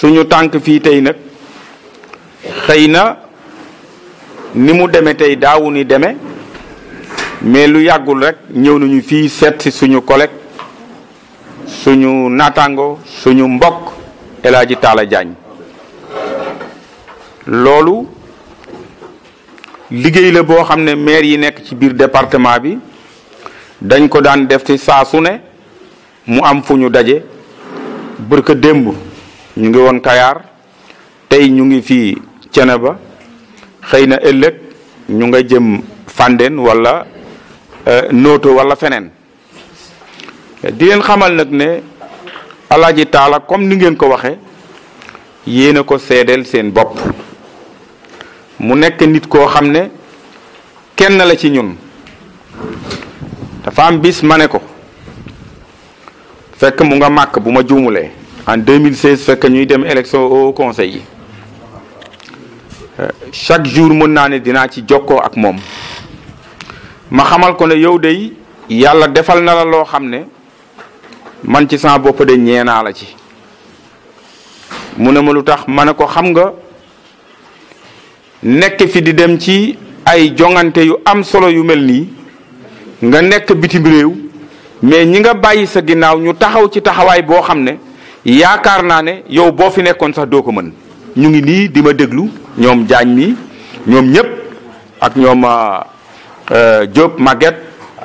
suñu tànk fii tey nag xëy na ni mu deme tey daawu ni deme mais lu yàggul rek ñëw nañu fii seet si suñu collègue suñu naataango suñu mbokk El Hadji Talla Diagne loolu liggéey la boo xam ne mair yi nekk ci biir département bi dañ ko daan def ci saa su ne mu am fu ñu daje bërka démb ñu ngi woon Kayaar tey ñu ngi fii ba xëy na ëllëg ñu nga jëm Fandène walla euh, Nooto wala feneen di leen xamal nag ne Alaaji Taala comme ni ngeen ko waxe yéen a ko seedeel seen bopp mu nekk nit koo xam ne kenn la ci ñun dafa am bis ma ne ko fekk mu nga màkk bu ma juumulee en 2016 fekk ñuy dem élection au conseil yi euh, chaque jour mën naa ne dinaa ci jokkoo ak moom ma xamal ko ne yow de yàlla defal na la loo xam ne man ci sama bopp de ñeenaa la ci mu ne ma lu tax ma ne ko xam nga nekk fi di dem ci ay jongante yu am solo yu mel nii nga nekk bitim réew mais ñi nga bàyyi sa ginnaaw ñu taxaw ci taxawaay boo xam ne yaakaar naa ne yow boo fi nekkoon sax doo ko mën ñu ngi nii di ma déglu ñoom jaañ mi ñoom ñëpp ak ñoom job euh, euh, maget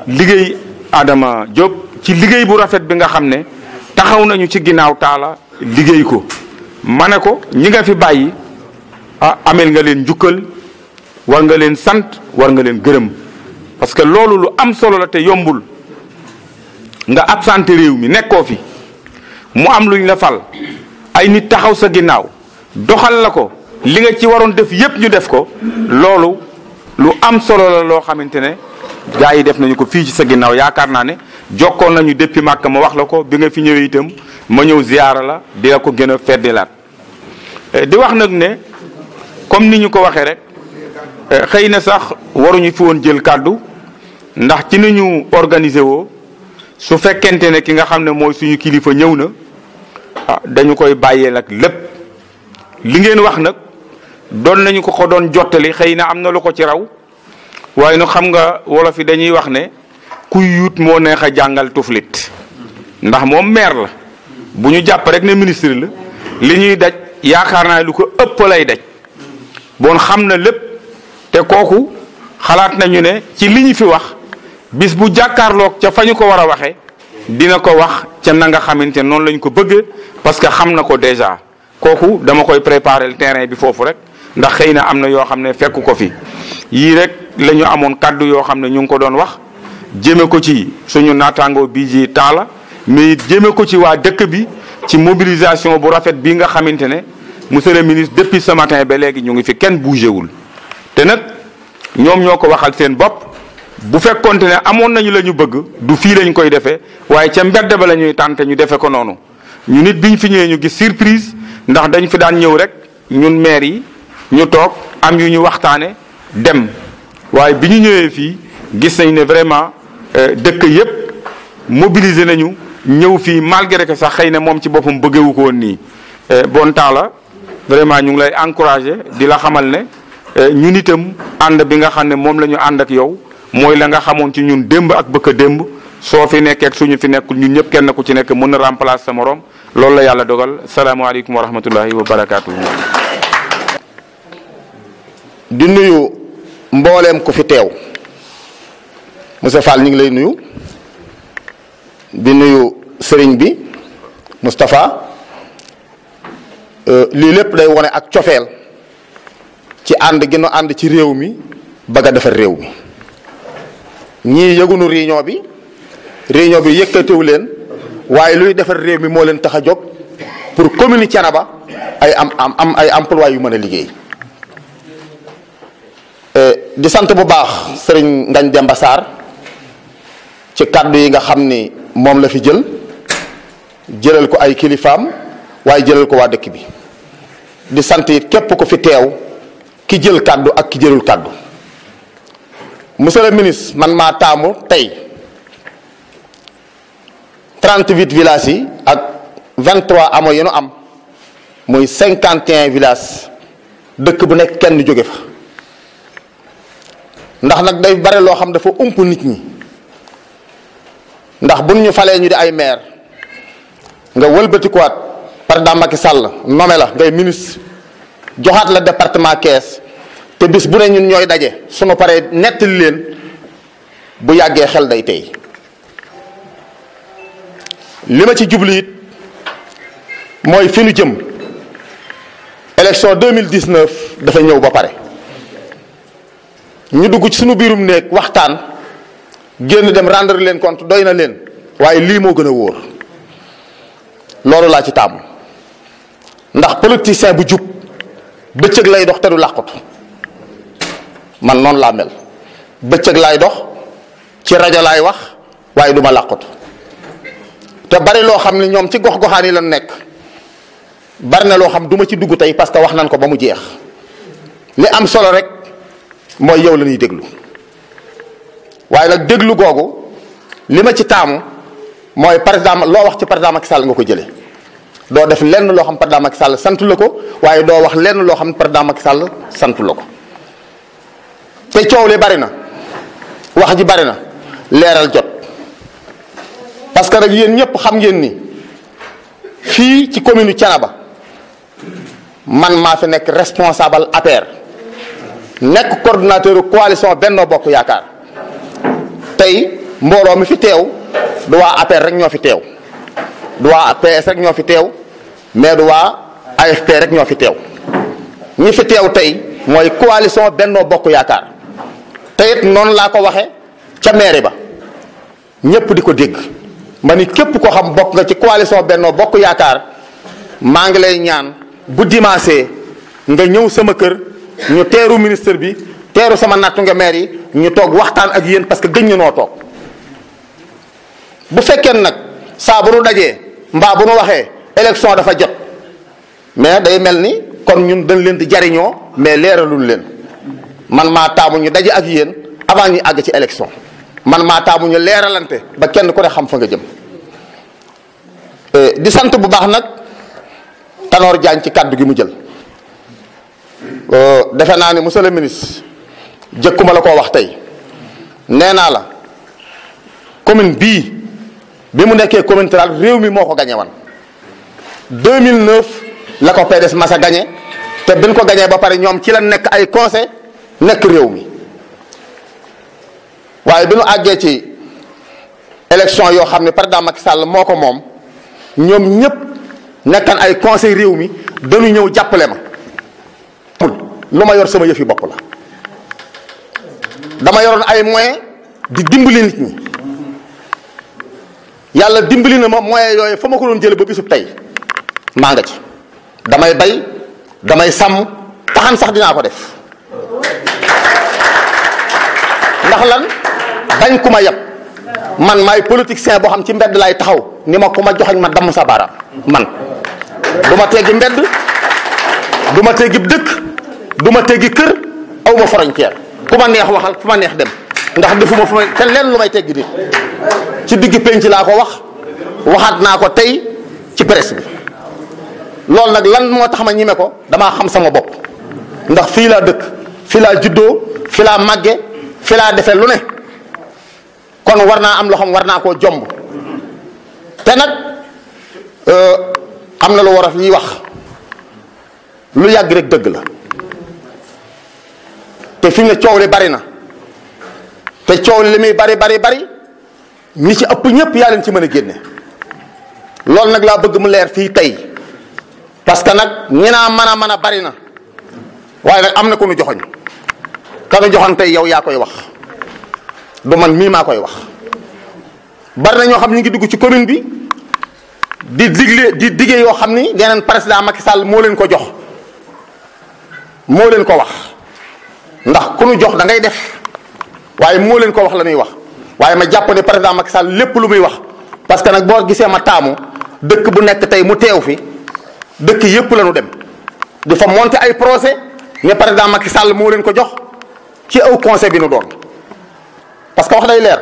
liggéey Adama job ci liggéey bu rafet bi nga xam ne taxaw nañu ci ginnaaw taala liggéey ko ma ko ñi nga fi bàyyi ah amel nga leen njukkal war nga leen sant war nga leen gërëm parce que loolu lu am solo la te yombul nga absenté réew mi nekkoo fi mu am luñ la fal ay nit taxaw sa ginnaaw doxal la ko li nga ci waroon def yépp ñu def ko loolu lu am solo la loo xamante ne gaa yi def nañu ko fii ci sa ginnaaw yaakaar naa ne jokkoon nañu depuis màkk ma wax la ko bi nga fi ñëwee itam ma ñëw ziyaara la di la ko gën a feddilaat eh, di wax nag ne comme ni ñu ko waxee rek eh, xëy na sax waruñu fi woon jël kàddu ndax ci ni ñu organiser woo su fekkente ne ki nga xam ne mooy suñu kilifa ñëw na ah dañu koy bàyyee nag lépp li ngeen wax nag doon nañu ko ko doon jottali xëy na am na lu ko ci raw waaye nag xam nga wolof yi dañuy wax ne kuy yuut moo neex a jàngal tuflit ndax moom maire la bu ñu jàpp rek ne ministre la li ñuy daj yaakaar naa lu ko ëpp lay daj bon xam na lépp te kooku xalaat nañu ne ci li ñu fi wax bis bu jàkkaarloog ca fa ñu ko war a waxe dina ko wax ca na nga xamante noonu lañ ko bëgg parce que xam na ko déjà kooku dama koy préparer le terrain bi foofu rek ndax xëy na am na yoo xam ne fekk ko fi yii rek la ñu amoon kàddu yoo xam ne ñu ngi ko doon wax jëme ko ci suñu naataangoo bii ji taala mais it ko ci waa dëkk bi ci mobilisation bu rafet bi nga xamante ne monsieur le ministre depuis ce matin ba léegi ñu ngi fi kenn bougéwul te nag ñoom ñoo ko waxal seen bopp bu fekkonte ne amoon nañu la ñu bëgg du fii lañ koy defee waaye ca mbedd ba la ñuy tànte ñu defe ko noonu ñu nit bi ñu fi ñëwee ñu gis surprise ndax dañu fi daan ñëw rek ñun maire yi ñu toog am yu ñu waxtaane dem waaye bi ñu ñëwee fii gis nañ ne vraiment euh, dëkk yépp mobiliser nañu ñëw fii malgré que sax xëy na moom ci boppam bëggewu ko woon nii euh, bon temps la vraiment ñu ngi lay encourager di la xamal ne euh, ñun itam ànd bi nga xam ne moom la ñu ànd ak yow mooy la nga xamoon ci ñun démb ak bëkk a démb soo fi nekkee ak suñu fi nekkul ñun ñëpp kenn ku ci nekk mën na remplacer sa morom loolu la yàlla dogal salaamaaleykum wa rahmatullahi wa barakaatu. di nuyu mbooleem ko fi teew monsieur Fall ñu ngi lay nuyu di nuyu sëriñ bi Moustapha euh, lii lépp day wone ak cofeel ci ànd gi nu ànd ci réew mi bëgg a defar réew mi. ñii yëgunu réunion bi réunion bi yëkkatiw leen waaye luy defar réew mi moo leen tax a jog pour commune ba ay am am am ay emploi yu mën a liggéey e, di sant bu baax sëriñ Ngagne Demba Sarr ci kàddu yi nga xam ni moom la fi jël jëlal ko ay kilifaam waaye jëlal ko waa dëkk bi di sant it képp ko fi teew ki jël kàddu ak ki jëlul kàddu monsieur le ministre man maa taamu tey trent 38 village yi ak vingt 23 amoo yenu am muy 51 villages dëkk bu nekk kenn jóge fa ndax nag day bare loo xam dafa ump nit ñi ndax buñ ñu falee ñu di ay maire nga wëlbatikuwaat part Macky Sall nommé la ngay ministre joxaat la département Kees te bis bu ne ñun ñoy dajé suñu paré nettali leen bu yagge xel day tey lima ci jublu it jëm élection 2019 dafa ñew ba paré ñu dugg ci suñu birum nek waxtaan genn dem rendre leen compte doyna leen waye li mo gëna a lolu la ci tam ndax politicien bu lay dox te du laqatu man noonu laa mel bëccëg laay dox ci rajo lay wax waaye duma ma te bari loo xam ne ñoom ci gox goxaan yi lan nekk bari na loo xam duma ci dugg tey parce que wax nan ko ba mu jeex li am solo rek mooy yow la ñuy déglu waaye nag déglu googu li ma ci taamu mooy président loo wax ci président ak Sall nga ko jële doo def lenn loo xam président Macky sàll santu la ko waaye doo wax lenn loo xam président Macky Sall santu la ko te coow li bari na wax ji bari na leeral jot parce que nag yéen ñëpp xam ngeen ni fii ci commune Thiénaba man maa fi nekk responsable APR nekk coordonnateur coalition Benno Bokk Yaakaar tey mbooloo mi fi teew du waa APR rek ñoo fi teew du waa PS rek ñoo fi teew mais du waa AFP rek ñoo fi teew ñi fi teew tey mooy coalition Benno Bokk Yaakaar te it noonu laa ko waxe ca mairie ba ñépp di ko dégg ma ni képp ko xam bokk nga ci coalition Benno Bokk Yaakaar maa ngi lay ñaan bu dimanche nga ñëw sama kër ñu teeru ministre bi teeru sama nattu nga maire yi ñu toog waxtaan ak yéen parce que gëñ noo toog bu fekkee nag saa bu nu dajee mbaa bu nu waxee élection dafa jot mais day mel ni kon ñun dañ leen di jariñoo mais leeralul leen man maa taamu ñu daje ak yéen avant ñuy àgg ci élection man maa taamu ñu leeralante ba kenn ku ne xam fa nga jëm euh, di sant bu baax nag Tanor Diagne ci kàddu gi mu jël euh, defe naa ne monsieur le ministre jëkkuma la ko wax tey nee naa la commune bii bi mu nekkee commune rurale réew mi moo ko gañe wan 2009 la ko PDS mas a gañe te biñ ko gañee ba pare ñoom ci la nekk ay conseil nekk réew mi waaye bi nu àggee ci élection yoo xam ne président Macky sàll moo ko moom ñoom ñëpp nekkan ay conseil réew mi dañu ñëw jàppale ma pour lu ma yor sama yëfi yi bopp la dama yoroon ay moyens di dimbali nit ñi yàlla dimbali na ma moyens yooyu fa ma ko doon jële ba bisub tey maa nga ci damay bay damay sàmm taxan sax dinaa ko def ndax lan dañ kuma ma man may politicien bo xam ci mbedd lay taxaw ni ma ku ma joxañ ma sa baaraam man duma teggi mbedd duma teggi dekk duma teggi keur aw ma frontière neex waxal fuma neex dem ndax defuma fuma fuma te len lumay teggi nit ci digg penc la ko wax waxat na ko tay ci presse bi lol nak lan moo tax ma ñime ko dama xam sama bop ndax fi la dekk fi laa juddoo fi laa màgge fi laa defe lu ne kon war naa am loo xam war naa koo jomb te nag euh, am na lu war a ñuy wax lu yàgg rek dëgg la te fi mu ne coow li bari na te coow li li muy bari bari bari ñi ci ëpp ñëpp yaa leen ci mën a génne loolu nag laa bëgg mu leer fii tey parce que nag ñi naa mën a mën a bari na. waaye nag am na ku nu joxoñ ka nga joxoon yow yaa koy wax du man mii maa koy wax bari na ñoo xam ñu ngi dugg ci commune bi di digle di diggee yoo xam ni yeneen président Macky Sall moo leen ko jox moo leen ko wax ndax ku nu jox da ngay def waaye moo leen ko wax la ñuy wax waaye ma jàpp ne président Macky Sall lépp lu muy wax parce que nag boo gisee ma taamu dëkk bu nekk tey mu teew fi dëkk yépp la dem di fa monter ay projet ne président Macky Sall moo leen ko jox ci aw conseil bi nu doon parce que wax day leer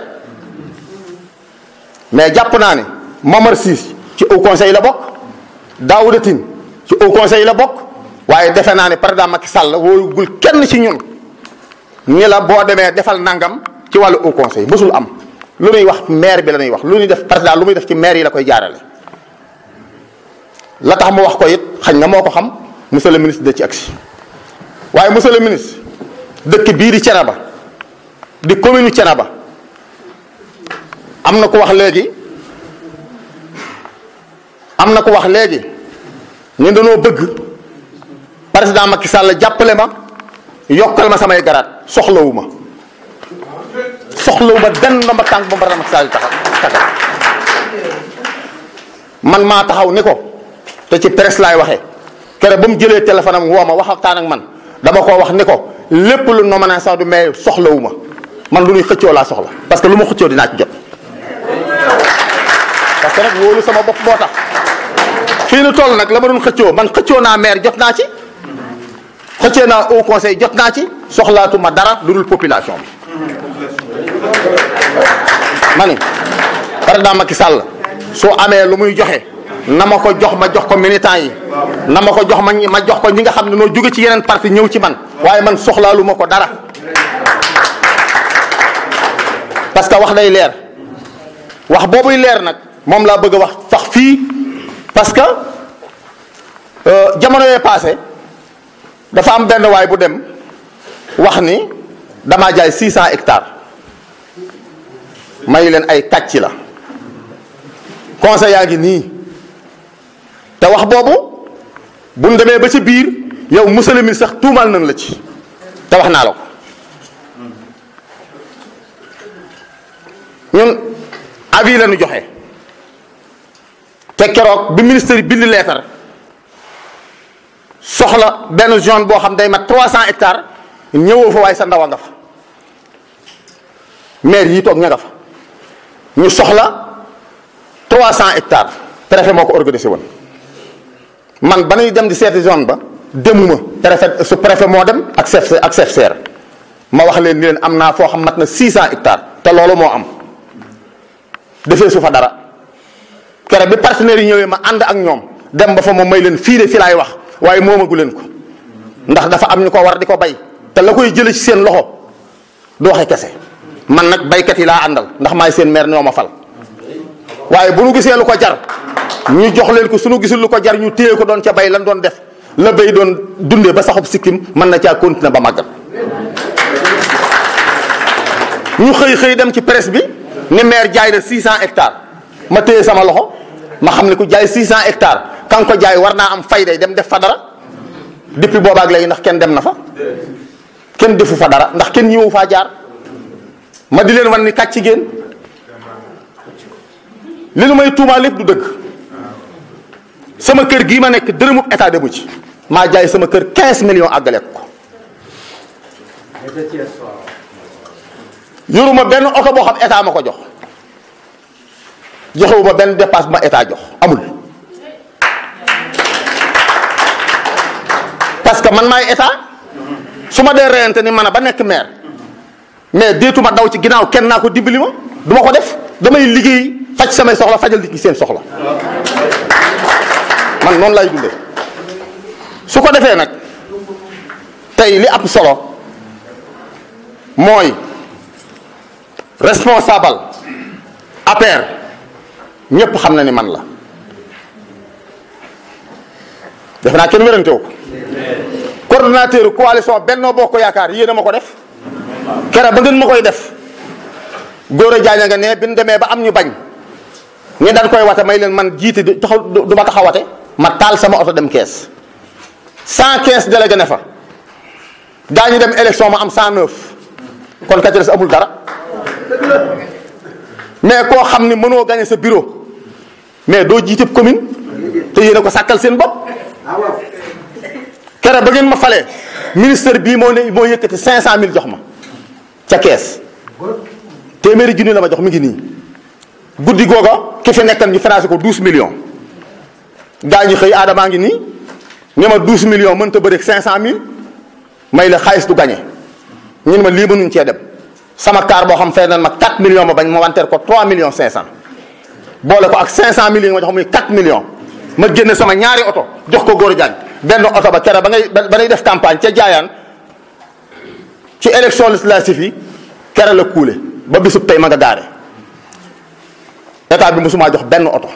mais jàpp naa ne Mamar Sis ci aw conseil la bokk Daouda Tine ci aw conseil la bokk waaye defe naa ne président Macky Sall wooyugul kenn ci ñun ni la boo demee defal nangam ci wàllu aw conseil mësul am lu nuy wax maire bi la ñuy wax lu ñuy def président lu muy def ci maire yi la koy jaarale la tax mu wax ko it xañ na moo ko xam monsieur le ministre de ci action waaye monsieur le ministre dëkk bii di ba di commune ba am na ko wax léegi am na ko wax léegi ñu dañoo bëgg président Macky Sall jàppale ma yokkal ma samay garaat soxlawu ma soxlawu ma benn ndomba tànk ba président Macky Sall taxaw taxaw man maa taxaw ni ko te ci presse laay waxe kere ba mu jëlee téléphone am woo ma waxtaan ak man. dama ko wax ni ko lépp lu nomination du maire soxlawu ma man lu ñuy xëccoo laa soxla parce que lu ma xëccoo dinaa ci jot parce nag wóolu sama bopp moo tax fii nu toll nag la ma doon xëccoo man xëccoo naa maire jot naa ci xëccee naa au conseil jot naa ci soxlaatuma dara lu dul population bi ma ni président Macky Sall soo amee lu muy joxe Nama ko jox ma jox ko militant yi nama ko jox ma ma jox ko ñi nga xamne no joge ci yenen parti ñew ci man waye man soxla lu ko dara parce que wax day leer wax boobuy leer nak mom la bëgg wax sax fi parce que euh, jamono yé passé dafa am benn way bu dem wax ni dama jaay 600 hectares may len ay tàcc la conseil yaa ngi te wax boobu bu ñu demee ba ci biir yow monsieur sax tuumaal nañ la ci te wax naa la ko ñun avis la ñu joxe te keroog bi ministère yi bind leetar soxla benn zone boo xam day mat 300 hectares ñëwoo fa waaye sa ndawa nga fa maire yi toog ña nga fa ñu soxla 300 hectares préfet moo ko organisé woon. man banay dem di seti zone ba demuma préfet su préfet mo dem ak chef ak chef ser ma wax len ni len amna fo xam matna 600 hectares te lolo mo am defee su fa dara kéré bi partenaire ñëwé ma and ak ñom dem ba fa mo may len fi de fi lay wax moma gu len ko ndax dafa am ñuko war diko bay te la koy jël ci seen loxo do waxe kessé man nak baykat yi la andal ndax seen mère ñoma fal waye bu nu gisé lu ko jar ñu jox leen ko su suñu gisul lu ko jar ñu téye ko doon ca bay lan doon def la bay doon dundee ba saxub sikkim mën na caa continuer ba màggat ñu xëy xëy dem ci presse bi ni maire jaay na 600 hectares ma téye sama loxo ma xam ne ku jaay 600 hectares kan ko jaay war naa am fayday dem def fa dara depuis boobaak léegi ndax kenn dem na fa kenn defu fa dara ndax kenn ñëwu faa jaar ma di leen wan ni kàcc génn li nu may tuumaa lépp du dëkk sama kër gii ma nekk dërëmub état demu ci maa jaay sama kër quinze millions àggale ko yoruma benn oto boo xam état ma ko jox joxewuma benn dépasse bu ma état jox amul parce que man maay état su ma dee reyante ni man a ba nekk maire mais déetuma daw ci ginnaaw kenn naa ko dimbali ma duma ko def damay liggéey faj samay soxla fajal nit ñi seen soxla man noonu lay dundee su ko defee nag tey li am solo mooy responsable APR ñépp xam na ni man la def naa kenn wérantewu ko coordonnateur coalition Benno ko Yaakaar yéen a ma ko def kera ba ngeen ma koy def góor a jaaña nga ne bi ñu demee ba am ñu bañ ñi daan koy wate may leen man jiite du taxaw du ma taxawate ma taal sama oto dem kees cent quinze délégué ne fa daañu dem élection ma am cent neuf kon ka ci amul dara mais koo xam ni mënoo gagné sa bureau mais doo jiite commune te yéen a ko sàkkal seen bopp kere ba ngeen ma falee ministère bii moo ne moo yëkkati cinq cent mille jox ma ca kees téeméeri junni la ma jox mi ngi nii guddi googa ki fi nekkan ñu financé ko douze million gaa ñi xëy maa ngi nii ne ma 12 millions mënta bëri 500000 may la xaalis du gagné ñun ma lii mënuñ cee dem sama kaar boo xam fay nan ma 4 millions ma bañ ma wanteer ko 3 millions 500. boole ko ak 500000 yi million ma jox muy 4 ma génne sama ñaari oto jox ko góor jaan benn oto ba kere ba ngay ba ngay def campagne ca jaayaan ci élection législative yi kere la kuule ba bisub tey ma nga gaare état bi mosumaa jox benn oto.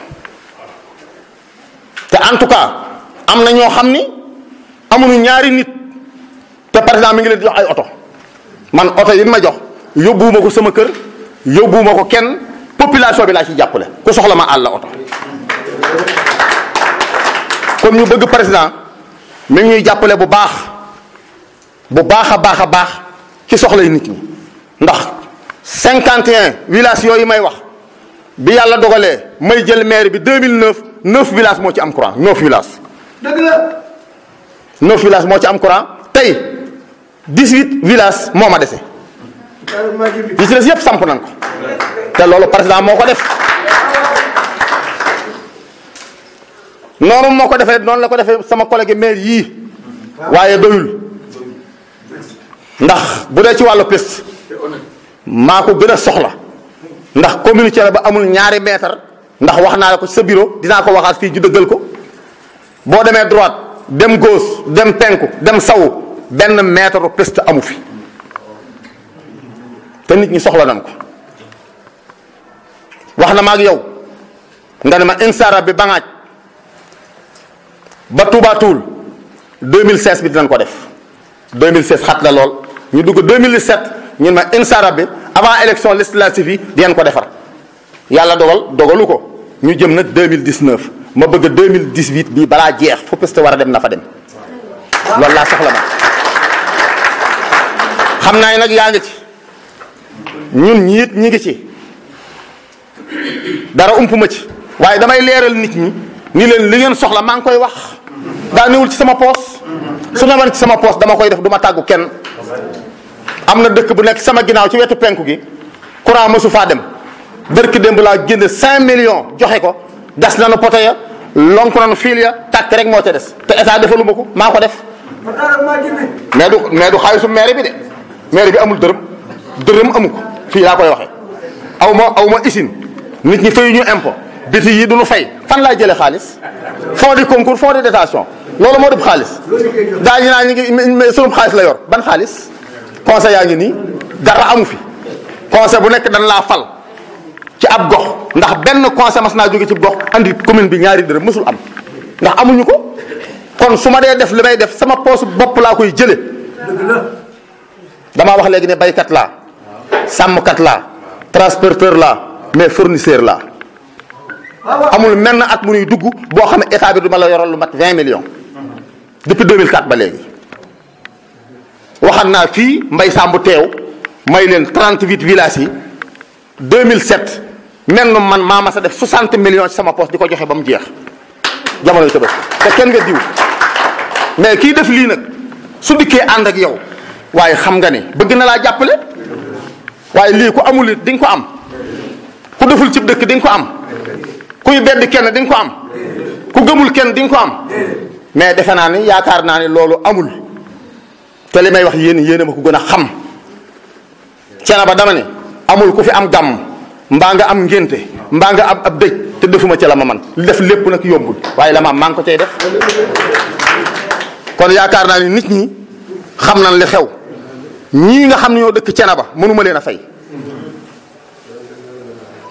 te en tout cas am na ñoo xam ni amuñu ñaari nit te par exemple mi ngi leen di jox ay oto man oto yi ma jox yóbbuwuma ko sama kër yóbbuwuma ko kenn population bi laa ci jàppale ku soxla ma àll oto kon ñu bëgg président mi ngi ñuy jàppale bu baax bu baax a baax a baax ci soxlay nit ñi ndax 51 villages yooyu may wax bi yàlla dogalee may jël maire bi 2009 neuf village moo ci am courant neuf villages. dëgg neuf villages moo ci am courant tey dix huit village moo ma dese. yi ci des yëpp samp nañ ko. te loolu président moo ko def. noonu moo ko defee noonu la ko defee sama collègue maire yii waaye doyul ndax bu dee ci wàllu piste maa ko gën a soxla ndax communiqué la ba amul ñaari mètre. ndax waxna la ko sa bureau dina ko waxat fi ñu deugal ko bo demé droite dem gauche dem penku dem saw ben mètre piste amu fi te nit ñi soxla nan ko waxna ma ak yow nga ne ma insara bi bangaj ba Touba Toul 2016 bi dinañ ko def 2016 xat la lol ñu dugg 2017 ñun ma insara bi avant élection législative bi dinañ ko defar yàlla dogal dogaluko ko ñu jëm nag 2019 ma bëgg 2018 bii balaa jeex fu peste war a dem na fa dem lool laa soxla ma xam naa nag yaa ngi ci ñun ñiit ñi ngi ci dara ump ma ci waaye damay leeral nit ñi ni leen li ngeen soxla maa ngi koy wax daa newul ci sama poos su newoon ci sama poos dama koy def duma tàggu kenn am na dëkk bu nekk sama ginnaaw ci wetu penku gi courant mësu faa dem bërki démb laa génne 5 millions joxe ko das nanu poto ya lonk nanu fiil ya tàkk rek moo des te état defalu ma ko maa ko def. mais du du xaalisu maire bi maire bi amul dërëm dërëm amu fii laa koy waxee aw ma aw ma usine nit ñi fayuñu impôt biti yi duñu fay fan laa jëlee xaalis fonds de concours fonds de dotation loolu moo dëpp xaalis daa ñu naa ñu sunub xaalis la yor ban xaalis conseil yaa ngi nii dara amu fi conseil bu nekk dañ laa fal ci ab gox ndax benn conseil mas naa jóge ci gox andi commune bi ñaari dërëm mësul am ndax amuñu ko kon su ma dee def li may def sama poosu bopp laa koy jële damaa wax léegi ne baykat laa sàmmkat laa transporteur laa mais fournisseur laa amul menn at mu nuy dugg boo xam ne état bi duma la yoral lu mat 20 millions depuis 2004 ba léegi waxan naa fii mbay sàmbu teew may leen 38 village yi 2007 mennum man maa ma sa def 60 millions ci sama poste di ko joxe ba mu jeex jamono yu te kenn nga diw mais kii def lii nag su dikkee ànd ak yow waaye xam nga ni bëgg na laa jàppale waaye lii ku amul it di nga ko am ku deful cib dëkk di ko am kuy bedd kenn di nga ko am ku gëmul kenn di ko am mais defe naa ni yaakaar naa ni loolu amul te li may wax yéen yéen ma ko gën a xam cena ba dama ne amul ku fi am gàmm mbaa nga am ngénte mbaa nga am ab dëj te defuma ca la ma man li def lépp nag yombul waaye la ma am maa ngi ko cay def kon yaakaar naa ne nit ñi xam nañ li xew ñii nga xam ne ñoo dëkk cena ba mënuma leen a fay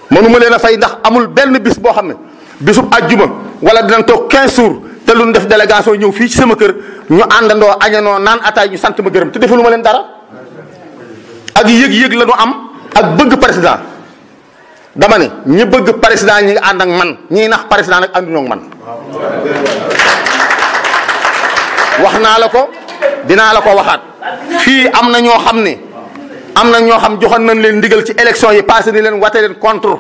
mënuma leen a fay ndax amul benn bis boo xam ne bisub ajjuma wala dina toog 15 jours te lu ñu def délégation ñëw fii ci sama kër ñu àndandoo añanoo naan ataay ñu sant ma gërëm te ma leen dara ak yëg-yëg la am ak bëgg président dama ne ñi bëgg président ñi ànd ak man ñiy nax président nag ànduñoo ak man. wax naa la ko dinaa la ko waxaat fii am na ñoo xam ne am na ñoo xam joxoon nañ leen ndigal ci élection yi passé ni leen wate leen contre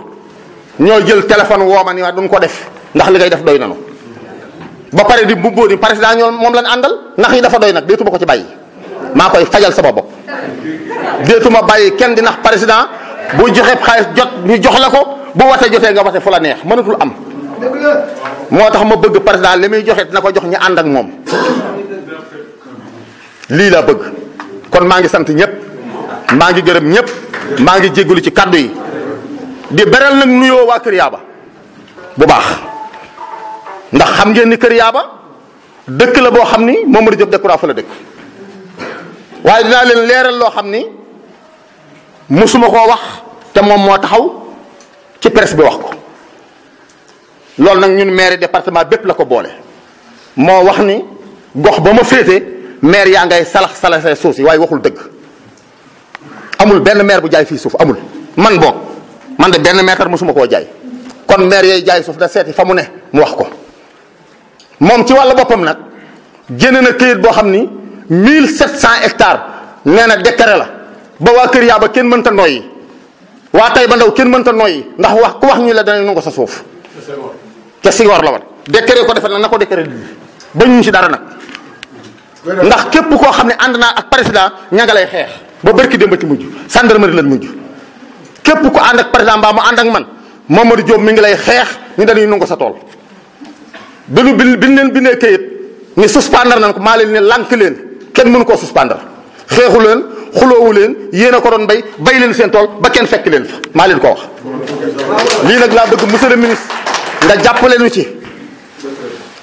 ñoo jël téléphone woo ma ni waa duñ ko def ndax li koy def doy nanu ba pare di mbubboo ni président ñoom moom lañ àndal ndax yi dafa doy nag déetuma ko ci bàyyi maa koy fajal sama bopp déetuma bàyyi kenn di nax président. bu joxe xaalis jot ñu jox la ko bu watee jotee nga wate fu la neex mënatul am. moo tax ma bëgg président li muy joxe dina ko jox ñu ànd ak moom lii laa bëgg kon maa ngi sant ñépp maa ngi gërëm ñépp maa ngi jégalu ci kàddu yi di beral nag nuyoo waa Kër Yaaba bu baax ndax xam ngeen ni Kër Yaaba dëkk la boo xam ni Mamadou Diop Decroix fa la dëkk waaye dinaa leen leeral loo xam ni. musuma koo wax te moom moo taxaw ci presse bi wax ko loolu nag ñun maire département bépp la ko boole moo wax ni gox ba ma féete maire yaa ngay salax salaxee suuf si waaye waxul dëgg amul benn meer bu jaay fii suuf amul man boog man de benn mètre mosuma koo jaay kon maire yooyu jaay suuf da seeti fa mu ne mu wax ko moom ci wàllu boppam nag génn na këyit boo xam ni 1700 hectares nee na décret la ba wa kër yaaba kenn mënta noy wa tay ba ndaw kenn mënta noy ndax wax ku wax ñu la dañu nangu sa suuf ca war la war décret ko defal na ko décret ba ñu ci dara nak ndax képp ko xam and na ak président ñagalay xex ba barki dem ba ci mujj gendarmerie lañ muju képp ko and ak président ba mu and ak man mamadou diop mi ngi lay xex ñu dañuy nangu sa tol bi nu leen bindee ni suspendre nan ko maa leen ne lank leen kenn mënu ko suspendre xexu leen xuloowu leen ko doon bay bay leen seen tool ba kenn fekk leen fa maa leen ko wax lii nag laa bëgg monsieur le ministre nga jàppale nu ci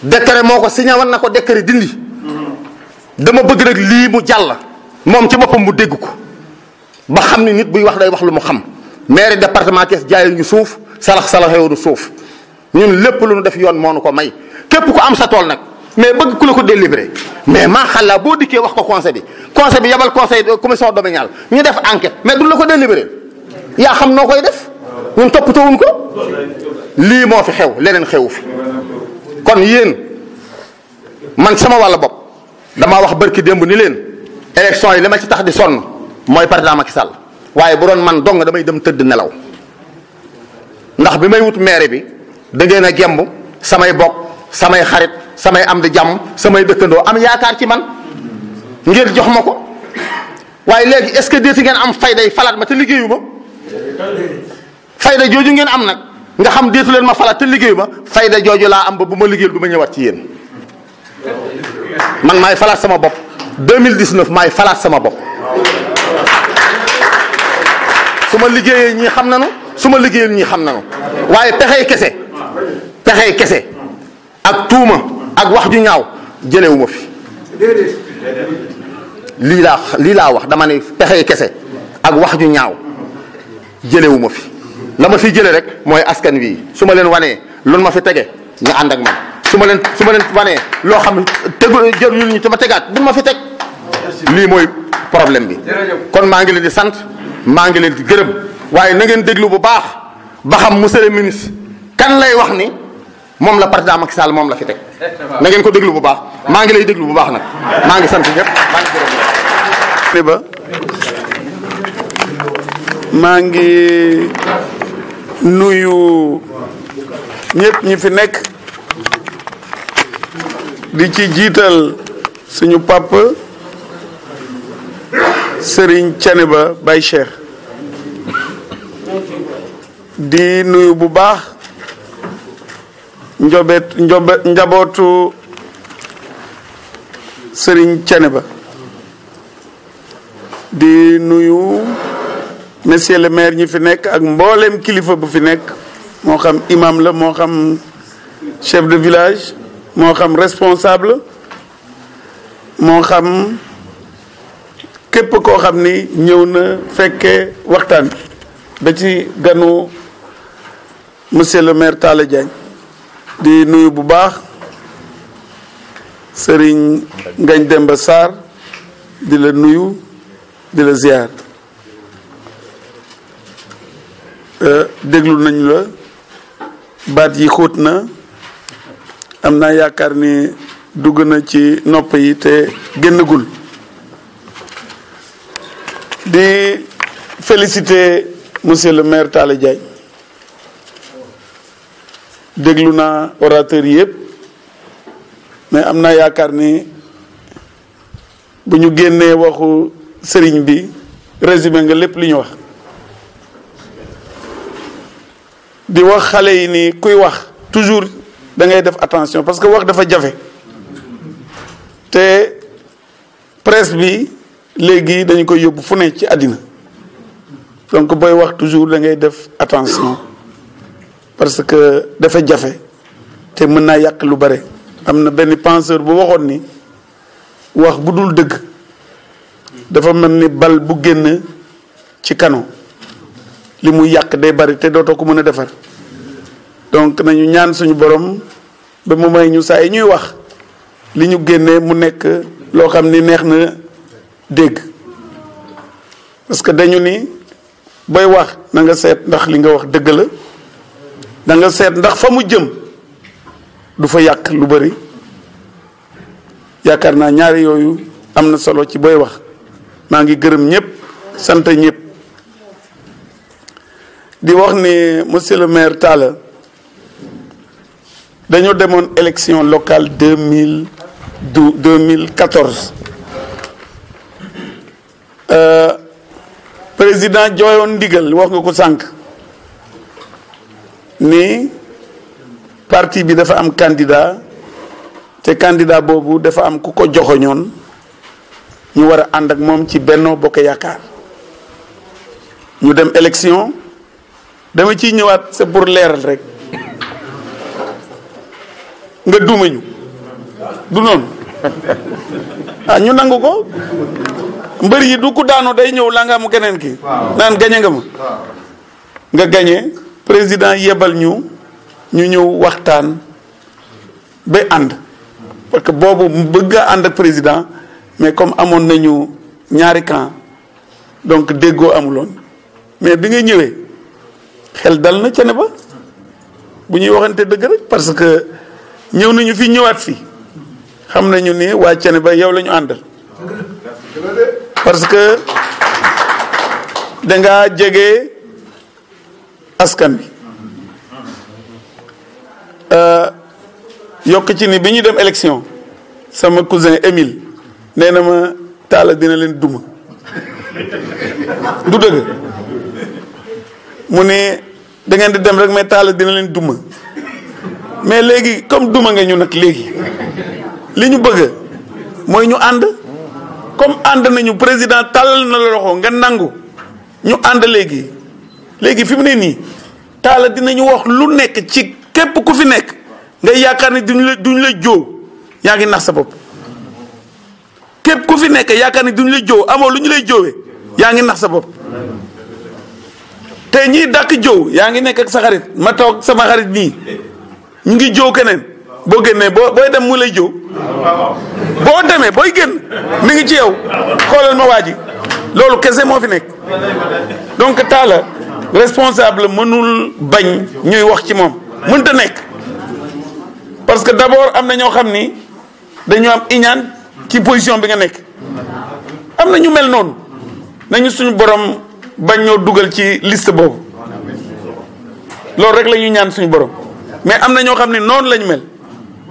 décret moo ko signé woon na ko décret dindi dama bëgg nag lii mu jàll moom ci boppam mu dégg ko ba xam nit buy wax day wax lu mu xam maire département Thiès jaayu ñu suuf salax salaxewuñu suuf ñun lépp lu ñu def yoon moo nu ko may képp ku am sa tool nag mais bëgg ku la ko délibéré mais ma xalla boo dikkee wax ko conseil bi conseil bi yabal conseil commission domaniale ñu def enquête mais du la ko délibéré yaa xam noo koy def ñun toppatoowuñ ko lii moo fi xew leneen xewu fi kon yéen man sama wàll bopp dama wax barki démb ni leen élection yi li ma ci tax di sonn mooy président Macky Sall waaye bu doon man dong damay dem tëdd nelaw ndax bi may wut maire bi da ngeen a gemb samay bokk samay xarit samay am di jàmm samay dëkkandoo am yaakaar ci man ngir jox ma ko waaye léegi est-ce que déeti ngeen am fayday falaat ma te liggéeyu ma fayda jooju ngeen am nag nga xam déetu leen ma falaat te liggéeyu ma fayda jooju laa am ba bu ma liggéeyul du ma ñëwaat ci yéen man maay falaat sama bopp 2019 maay falaat sama bopp su ma liggéeyee ñii xam na nanu su ma liggéeyul ñii xam nanu waaye pexey kese pexey kese ak tuuma ak wax ju ñaaw jëlewu ma fi li la li la wax dama ne pexey kesse ak wax ju ñaaw jëlewu ma fi la ma fiy jële rek moy askan wi suma len wané wanee ma fi tégué ñu ànd ak man suma len suma len wané lo xam ne jël jëruñu ñu te ma tegaat bu ma fi teg li moy problème bi kon ma ngi leen di sante ma ngi leen di gërëm waye na ngeen déglu bu baax ba xam monsieur le ministre kan lay wax ni moom la président Macky Sall moom la fi teg na ngeen ko déglu bu baax maa ngi lay déglu bu baax nag maa ngi sant ñëpp maa ngi ba maa nuyu ñëpp ñi fi nekk di ci jiital suñu papa Serigne Thiénaba Baye Cheikh di nuyu bu baax njobet njobe njabootu Serigne Thiénaba di nuyu monsieur le maire ñu fi nekk ak mbooleem kilifa bu fi nekk moo xam imam la moo xam chef de village moo xam responsable moo xam képp koo xam ni ñëw na fekkee waxtaan ba ci ganu monsieur le maire Talla Diagne di nuyu bu baax sëriñ ngañ dem ba Sarr di la nuyu di la ziar euh, déglu nañu la baat yi xóot na am naa yaakaar ni dugg na ci nopp yi te génnagul di féliciter monsieur le maire Talla Diagne déglu naa orateur yëpp mais am naa yaakaar ni bu ñu génnee waxu sëriñ bi résumé nga lépp lu ñu wax di wax xale yi nii kuy wax toujours da ngay def attention parce que wax dafa jafe te presse bi léegi dañu koy yóbbu fu ne ci àddina donc booy wax toujours da ngay def attention parce que dafa jafe te mën naa yàq lu bare. am na benn penseur bu waxoon ni wax bu dul dëgg dafa mel ni bal bu génn ci canon li muy yàq day bari te dootoo ko mën a defar donc nañu ñaan suñu borom ba mu may ñu saa yi ñuy wax li ñu génnee mu nekk loo xam ni neex na dégg parce que dañu ni booy wax na nga seet ndax li nga wax dëgg la. da nga seet ndax fa mu jëm du fa yàq lu bari yaakaar naa ñaari yooyu am na solo ci booy wax maa ngi gërëm ñëpp sant ñëpp di wax ni monsieur le maire Talla dañu demoon élection locale deux mille deux euh, président jooyoon ndigal wax nga ko sànq ni parti bi dafa am candidat te candidat bobu dafa am kuko ko joxoñoon ñu wara and ak mom ci benno bokk yaakaar ñu dem élection dama ci ñëwaat c'est pour leral rek nga du non, ah ñu nangu ko mbeur yi du ku daanu day ñëw la nga mu keneen ki naan nga ma nga président yebal ñu ñu ñëw waxtaan ba ànd parce que boobu mu bëgg a ànd ak président mais comme amoon nañu ñaari camp donc déggoo amuloon mais bi nga ñëwee xel dal na cene ba bu ñuy waxante dëgg rek parce que ñëw nañu fi ñëwaat fi xam nañu ni waa cene ba yow lañu ñu àndal parce que dangaa jege askan bi euh, yokk ci ni bi ñu dem élection sama cousin Émile nee na ma taala dina leen duma du dëgg mu ne da ngeen di dem rek mais taala dina leen duma mais léegi comme duma nga ñu nag léegi li ñu bëgg mooy ñu ànd comme ànd nañu président tàllal na la loxo nga nangu ñu ànd léegi léegi fi mu ne nii taala dinañu wax lu nekk ci képp ku fi nekk ngay yaakaar ne duñ la duñ la jóo yaa ngi nax sa bopp képp ku fi nekk yaakaar ne duñ la jóo amoon lu ñu lay jóowee yaa ngi nax sa bopp te ñii dàq jóow yaa ngi nekk ak sa xarit ma toog sama xarit nii ñu ngi jóow keneen boo génnee boo booy dem mu lay jóow boo demee booy génn mi ngi ci yow xoolal ma waa ji loolu kese moo fi nekk donc taala responsable mënul bañ ñuy wax ci moom mënta nekk parce que d'abord am na ñoo xam ni am iñaan ci position bi nga nekk am na ñu mel noonu nañu suñu borom bañ ñoo dugal ci liste boobu loolu rek la ñuy ñaan suñu borom mais am na ñoo xam ne noonu mel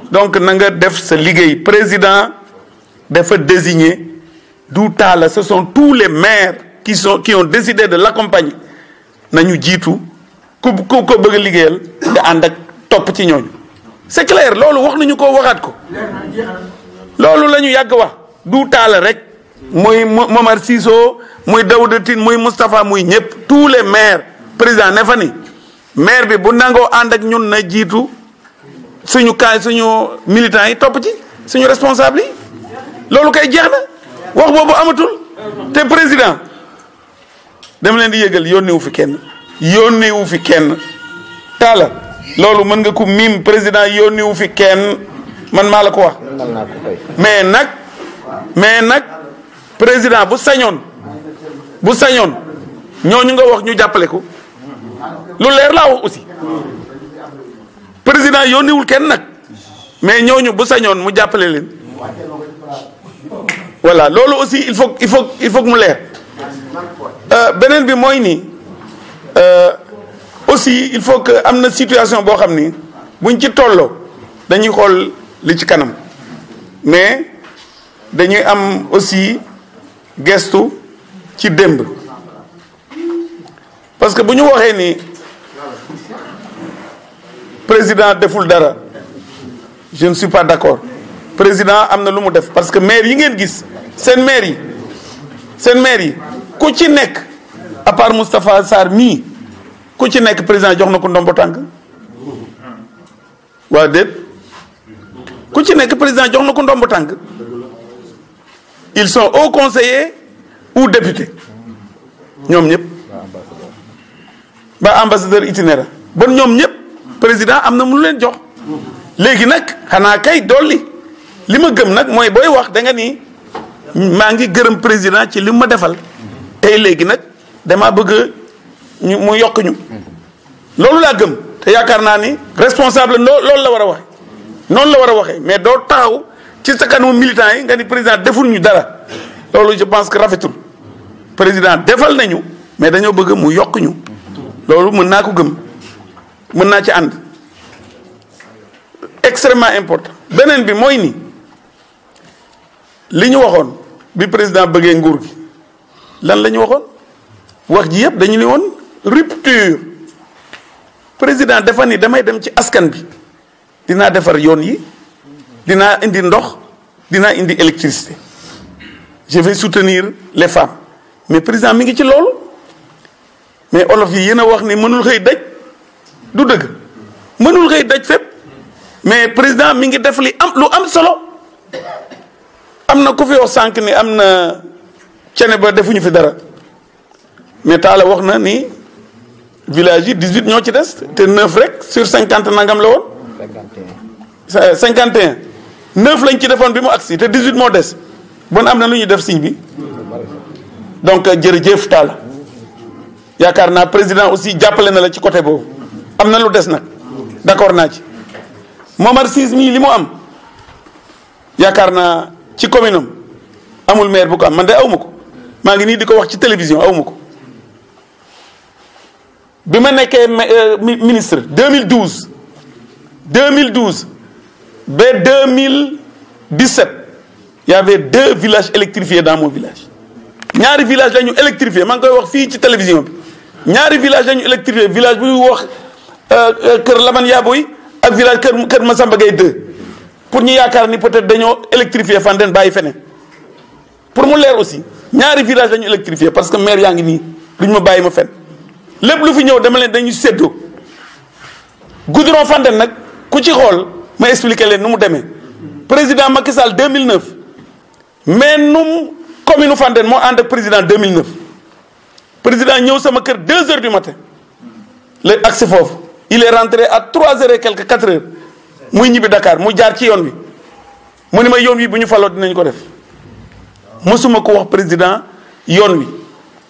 donc na nga def sa liggéey président dafa désigner du taala ce sont tous les maires qui sont qui ont décidé de l'accompagner nañu jiitu ku ku ko bëgg a liggéeyal da ànd ak topp ci ñooñu c'est clair loolu wax nañu ko waxaat ko loolu lañu yàgg wax du taala rek muy Momar Cissé muy Daouda Tine muy Moustapha muy ñëpp tous les maires président ne fa ni maire bi bu nangoo ànd ak ñun na jiitu suñu kaay suñu militants yi topp ci suñu responsable yi loolu kay jeex na wax boobu amatul te président dama leen di yëgal yónneewu fi kenn yónneewu fi kenn taala loolu mën nga ko miim président yónneewu fi kenn man maa la ko wax mais nag mais nag président bu sañoon bu sañoon ñooñu nga wax ñu jàppale ko lu leer laa wax aussi président yónniwul kenn nag mais ñooñu bu sañoon mu jàppale leen voilà loolu aussi il faut il faut il faut mu leer Euh, benen bi moy ni euh, aussi il faut que amna situation bo xamni ni buñ ci tollo, dañuy xol li ci kanam mais dañuy am aussi gestu ci démb parce que buñu waxé ni président deful dara je ne suis pas d'accord président amna lu mu def parce que maire yi ngeen gis seen maire yi seen maire yi ku ci nekk à part mii ku ci nekk président jox na ko ndombo tànk waa déet ku ci nekk président jox na ko ndombo tànk ils sont hauts conseillers ou députés ñoom ñëpp ba ambassadeur itinéraire bon ñoom ñëpp président am na mu leen jox léegi nag xanaa kay dolli li ma gëm nag mooy booy wax danga nga ni maa ngi gërëm président ci li mu ma defal tey léegi nag damaa bëgg ñu mu yokk ñu loolu laa gëm te yaakaar naa ni responsable loolu la war a waxe noonu la war a waxee mais doo taxaw ci sa kanamu militant yi nga ni président deful ñu dara loolu je pense que rafetul président defal nañu mais dañoo bëgg mu yokk ñu loolu mën naa ko gëm mën naa ci ànd extrêmement important beneen bi mooy nii li ñu waxoon bi président bëggee nguur gi lan la ñu waxoon wax ji yëpp dañu ne woon rupture président dafa ni damay dem ci askan bi dinaa defar yoon yi dinaa indi ndox dinaa indi électricité je vais soutenir les femmes mais président mi ngi ci loolu mais olof yi yéen a wax ni mënul xëy daj du dëgg mënul xëy daj fépp mais président mi ngi def li am lu am solo am na ku fi wax sànq ni am na cene ba defuñu fi dara mais Talla wax na ni village yi 18 ñoo ci des te 9 rek sur 50 nangam la woon. 51. 51 9 lañ ci defoon bi mu agsi te 18 moo des bon am na lu ñuy def signe bi donc euh, jërëjëf Talla yaakaar naa président aussi jàppale na la ci côté boobu am na lu des nag d'accord naa ci Momar Cisse mii li mu am yaakaar naa ci commune am amul maire bu ko am man de aw ma ko. maa ngi nii di ko wax ci télévision awma ko bi ma nekkee euh, ministre 2012 2012 ba 2017 y avait deux villages électrifiés dans mon village ñaari village lañu électrifié maa ngi koy wax fii ci télévision bi ñaari village la électrifié village bu ñuy wax euh, euh, kër Laman Yaboy ak village kër kër Massamba 2 pour ñu yaakaar ni peut-être dañoo électrifié fan den bàyyi feneen pour mu leer aussi ñaari village la ñu parce que maire yaa ngi nii lu ñu ma bàyyi ma fen lépp lu fi ñëw dama leen dañu séddoo goudron Fandène nag ku ci xool ma expliqué leen nu mu demee président Macky Sall nu mais num commune Fandène moo ànd ak président 2009 président ñëw sama kër 2 heures du matin la agsi foofu il est rentré à trois heures et quelque 4 heures muy ñibbi dakaar mu jaar ci yoon wi mu ni ma yoon wi bu ñu faloo dinañ ko def. musuma ko wax président yoon wi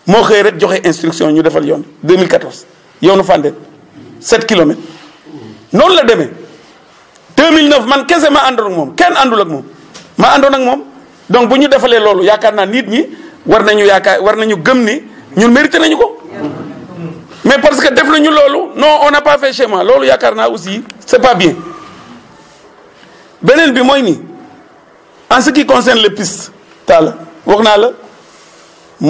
mo xey rek joxe instruction ñu defal yoon 2014 yoonu 7 km. Non, la démé 2009 man kese ma àndoon ak moom kenn de ak mom ma andon ak mom donc buñu défalé lolu loolu yaakaar nit ñi war nañu yaakaar war nañu gëm ni ñun mérité nañu ko mais parce que def nañu lolu non on n'a pas fait chez lolu loolu yaakaar aussi c'est pas bien benen bi moy ni en ce qui concerne les pistes tal wax naa la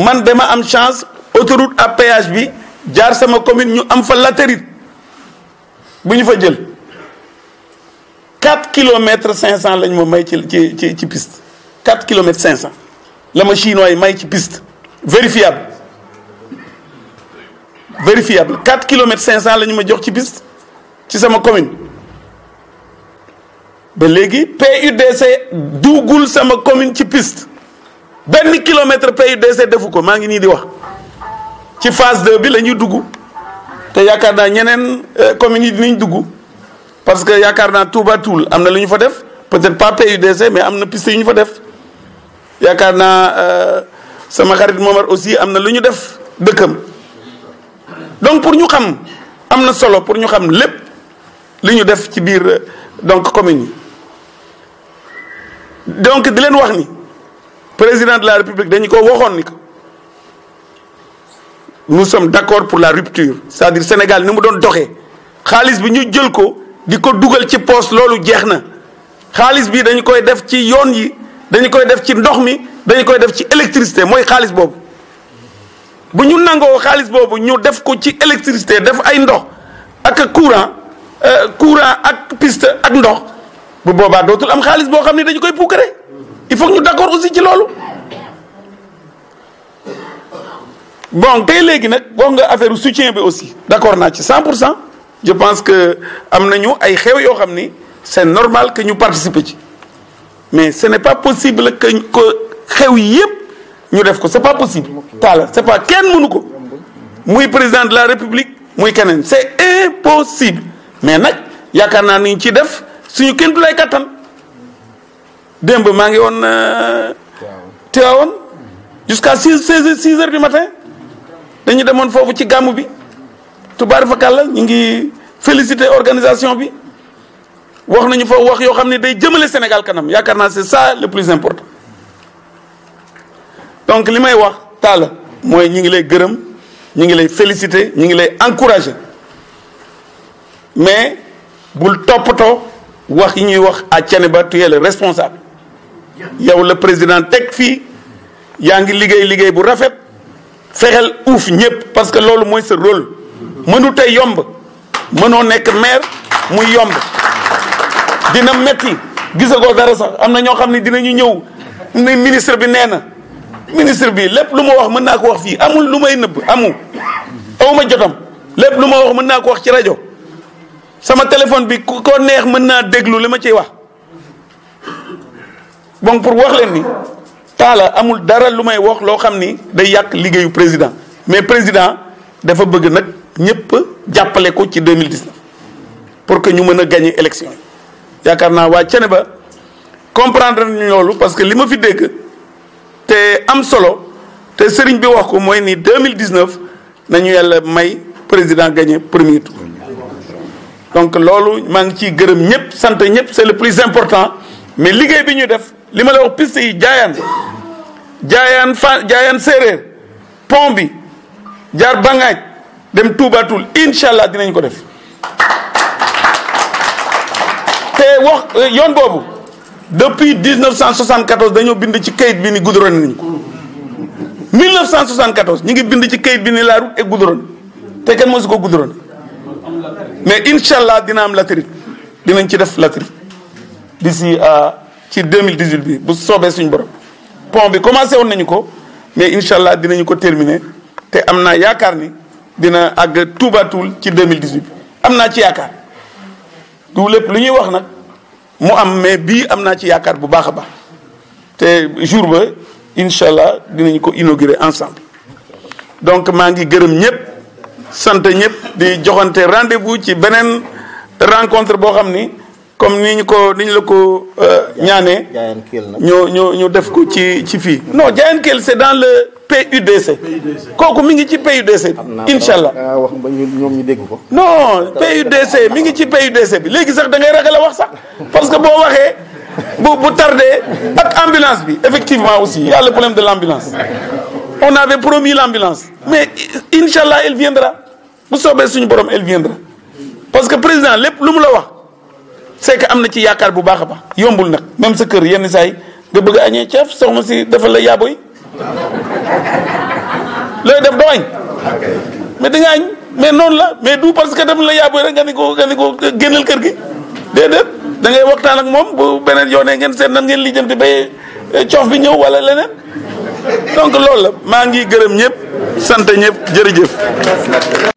man dama am chance autoroute à péage bi jaar sama commune ñu am fa latérite bu ñu fa jël 4 km 500 lañ ma may ci ci ci piste 4 km 500 la ma chinois may ci piste vérifiable vérifiable 4 km 500 la ma jox ci piste ci sama commune ba légui PUDC dougul sama commune ci piste. benn kilomètre PUDC defu ko maa ngi nii di wax ci phase 2 bi la ñuy dugg te yaakaar naa ñeneen euh, communes yi dinañ dugg parce que yaakaar naa Touba Toul am na lu ñu fa def peut-être pas PUDC mais am na piste yu ñu fa def yaakaar naa euh, sama xarit Momar aussi am na lu ñu def dëkkam donc pour ñu xam am na solo pour ñu xam lépp li ñu def ci biir euh, donc commune yi donc di leen wax ni. président de la république dañu ko waxoon ni nous sommes d'accord pour la rupture c'est-à-dire Sénégal ni mu doxé. Khalis bi ñu jël ko diko duggal ci poste lolu jeexna. Khalis bi dañ koy def ci yoon yi dañ koy def ci ndox mi dañ koy def ci électricité moy khalis bobu. bu ñu nango khalis bobu ñu def ko ci électricité def ay ndox ak courant euh, courant ak piste ak ndox bu boba dootul am khalis bo xamni dañ koy puukare il faut que ñu d'accord aussi ci lolu bon tey légui nak bo nga affaire soutien bi aussi d'accord na ci 100 je pense que am ay xew yo xamni c'est normal que ñu participer ci mais ce n'est pas possible que que xew yépp ñu def ko c'est pas possible taala c'est pas kenn mënu ko muy président de la république muy Kenen. c'est impossible mais nak yakarna ni ci def suñu kenn du lay Dembe mangi ngi woon euh, jusqu'à six six heures du matin dañu demone fofu ci gamu bi tubaar fakal la ñu ngi féliciter organisation bi wax nañu foofu wax yo xamni ne day jëmale Sénégal kanam yakarna c'est ça le plus important donc limay may wax taala moy ñi ngi lay gërëm ñi ngi lay féliciter ñi ngi lay encourager mais bul toppatoo wax yi ñuy wax à ba tu es le responsable yow la président teg fii yaa ngi liggéey liggéey bu rafet fexeel uuf ñëpp parce que loolu mooy sa rôle mënu tey yomb mënoo nekk maire muy yomb dina metti gisagoo dara sax am na ñoo xam ne dinañu ñëw ne ministre bi nee na ministre bi lépp lu ma wax mën naa ko wax fii amul lu may nëbb amul awma jotam lépp lu ma wax mën naa ko wax ci rajo sama téléphone bi ko neex mën naa déglu li ma ciy wax bon pour wax len ni tala amul dara lumay wax lo xamni day yak liggéeyu président mais président dafa bëgg nak ñepp jàppale ko ci 2019 pour que ñu mëna gagner élection yi yaakaar wa waa cene ba comprendre ñu lolu parce que li ma fi dégg te am solo te sëriñ bi wax ko moy ni 2019 nañu yalla may président gagner premier tour donc lolu mang ci ciy gërëm ñëpp sant c'est le plus important mais liggéey bi ñu def li ma la wax piste yi jaayaan jaayaan fa jaayaan séeréer pont bi jaar bangaaj dem tuubaatul incha allah dinañ ko def te wax yoon boobu depuis 1974 dañoo bind ci kayit bi ni goudronné nañ ko 1974 ñu ngi bind ci kayit bi ni la e est te kenn mosu ko goudronné mais incha allah dina am latérite dinañ ci def latérite ci 2018 bi bu soobee suñ borom pont bi commencé woon nañu ko mais inshallah dinañu ko terminer te am naa yaakaar ni dina àgg tuubatul ci 2018 am naa ci yaakaar du lépp lu ñuy wax nag mu am mais bii am naa ci yaakaar bu baax a baax te jour ba incha dinañu ko inaugurer ensemble donc maa ngi gërëm ñëpp sant ñëpp di joxante rendez-vous ci beneen rencontre boo xam ni comme ni ko ni ñu la ko euh, ñaanee. ñu ñu ñu def ko ci ci fi non Diayenkel c'est dans le PUDC. koku mi ngi ci PUDC. Inshallah. non PUDC mi ngi ci PUDC bi légui sax da ngay ragal wax sax parce que bo waxé bu bu tardé ak ambulance bi effectivement aussi y a le problème de l'ambulance. on avait promis l'ambulance mais inshallah allah elle viendra bu soobee suñu borom elle viendra parce que président lépp lu mu la wax. c'est que amna ci yakar bu baax ba yombul nak même sa keur yenn say nga bëgg agné chef soxna ci dafa la yaboy lay def doñ mais da nga mais non la mais du parce que dafa la yaboy rek ngani ko ngani ko gënal keur gi dedet da ngay waxtaan ak mom bu benen yone ngeen sen nan ngeen lijjanti ba eh, coof bi ñew wala lenen donc lool la ma ngi gërëm ñëpp sant ñëpp jërëjëf